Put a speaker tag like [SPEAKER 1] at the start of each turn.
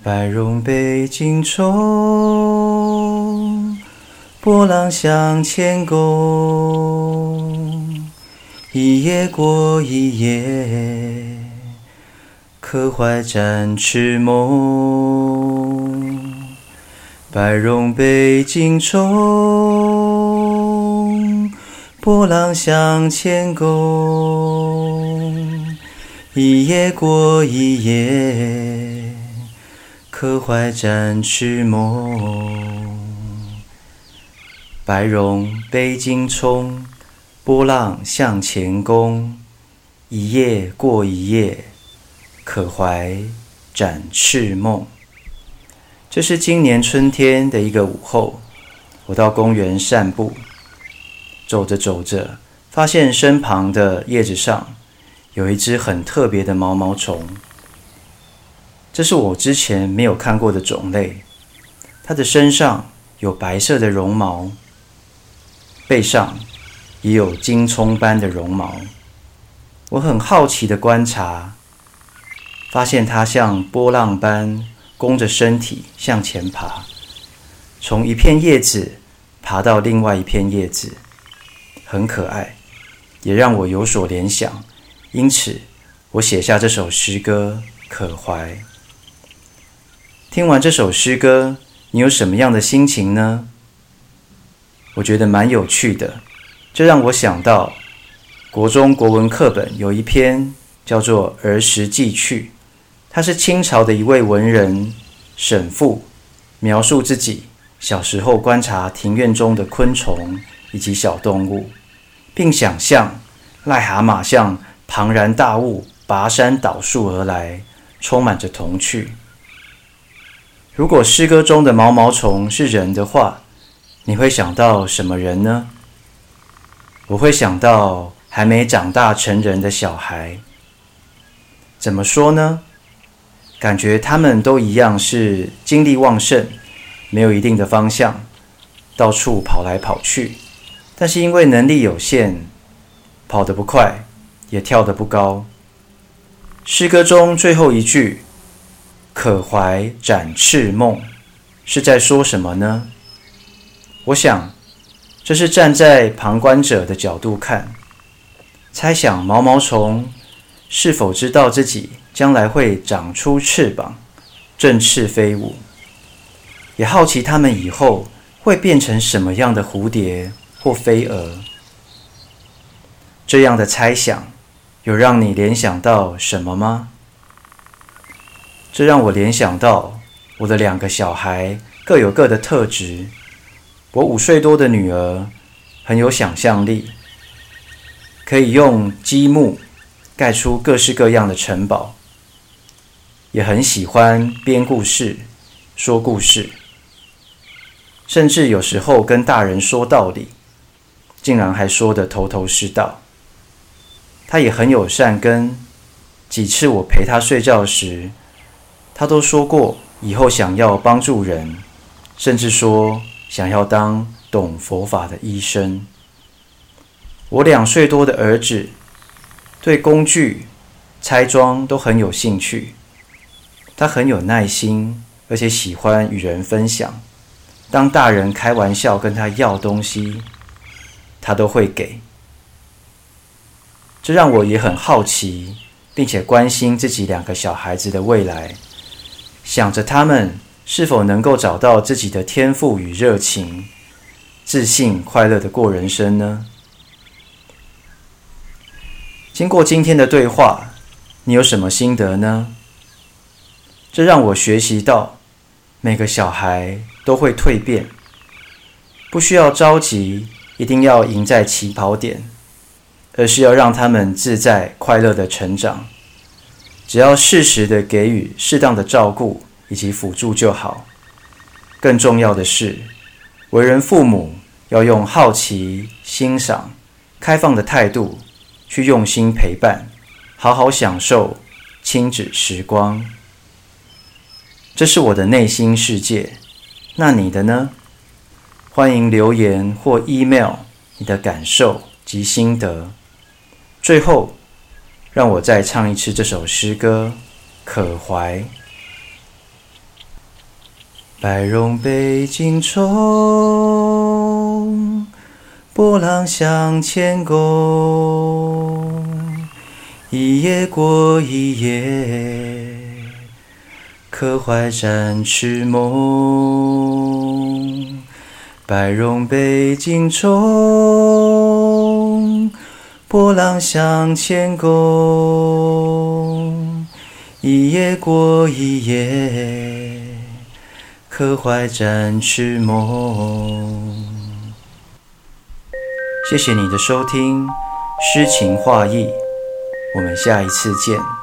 [SPEAKER 1] 白絨背金蔥，波浪向前躬，一葉過一葉，可懷展翅夢。白絨背金蔥，波浪向前躬，一葉過一葉，可懷展翅夢，白絨背金蔥，波浪向前躬，一葉過一葉，可懷展翅夢。這是今年春天的一個午後，我到公園散步，走着走着，發現身旁的葉子上有一隻很特別的毛毛蟲。這是我之前沒有看過的種類，它的身上有白色的絨毛，背上也有金蔥般的絨毛。我很好奇地觀察，發現它像波浪般弓着身體向前爬，從一片葉子爬到另外一片葉子，很可愛，也讓我有所聯想。因此，我寫下這首詩歌《可懷》。聽完這首詩歌，你有什麼樣的心情呢？我覺得蠻有趣的，這讓我想到國中國文課本有一篇叫做《兒時記趣》，它是清朝的一位文人沈復，描述自己小時候觀察庭院中的昆蟲以及小動物，並想象癩蛤蟆像龐然大物拔山倒樹而來，充滿着童趣。如果詩歌中的毛毛蟲是人的話，你會想到什麼人呢？我會想到還沒長大成人的小孩。怎麼說呢？感覺他們都一樣是精力旺盛，沒有一定的方向，到處跑來跑去。但是因為能力有限，跑得不快，也跳得不高。詩歌中最後一句，可懷展翅夢，是在說什麼呢？我想，這是站在旁觀者的角度看，猜想毛毛蟲是否知道自己將來會長出翅膀，振翅飛舞，也好奇它們以後會變成什麼樣的蝴蝶或飛蛾。這樣的猜想，有讓你聯想到什麼嗎？這讓我聯想到我的兩個小孩各有各的特質。我五歲多的女兒很有想象力，可以用積木蓋出各式各樣的城堡，也很喜歡編故事、說故事，甚至有時候跟大人說道理，竟然還說得頭頭是道。她也很有善根，幾次我陪她睡覺時，他都說過，以後想要幫助人，甚至說想要當懂佛法的醫生。我兩歲多的兒子對工具拆裝都很有興趣，他很有耐心，而且喜歡與人分享。當大人開玩笑跟他要東西，他都會給。這讓我也很好奇，並且關心自己兩個小孩子的未來。想着他們是否能夠找到自己的天賦與熱情，自信快樂的過人生呢？經過今天的對話，你有什麼心得呢？這讓我學習到，每個小孩都會蛻變，不需要着急，一定要贏在起跑點，而是要讓他們自在快樂的成長。只要適時的給予適當的照顧以及輔助就好。更重要的是，為人父母要用好奇、欣賞、開放的態度去用心陪伴，好好享受親子時光。這是我的內心世界，那你的呢？歡迎留言或 email 你的感受及心得。最後，讓我再唱一次這首詩歌《可懷》，白絨背金蔥，波浪向前躬，一葉過一葉，可懷展翅夢，白絨背金蔥。波浪向前躬，一葉過一葉，可懷展翅夢。謝謝你的收聽，詩情話意，我們下一次見。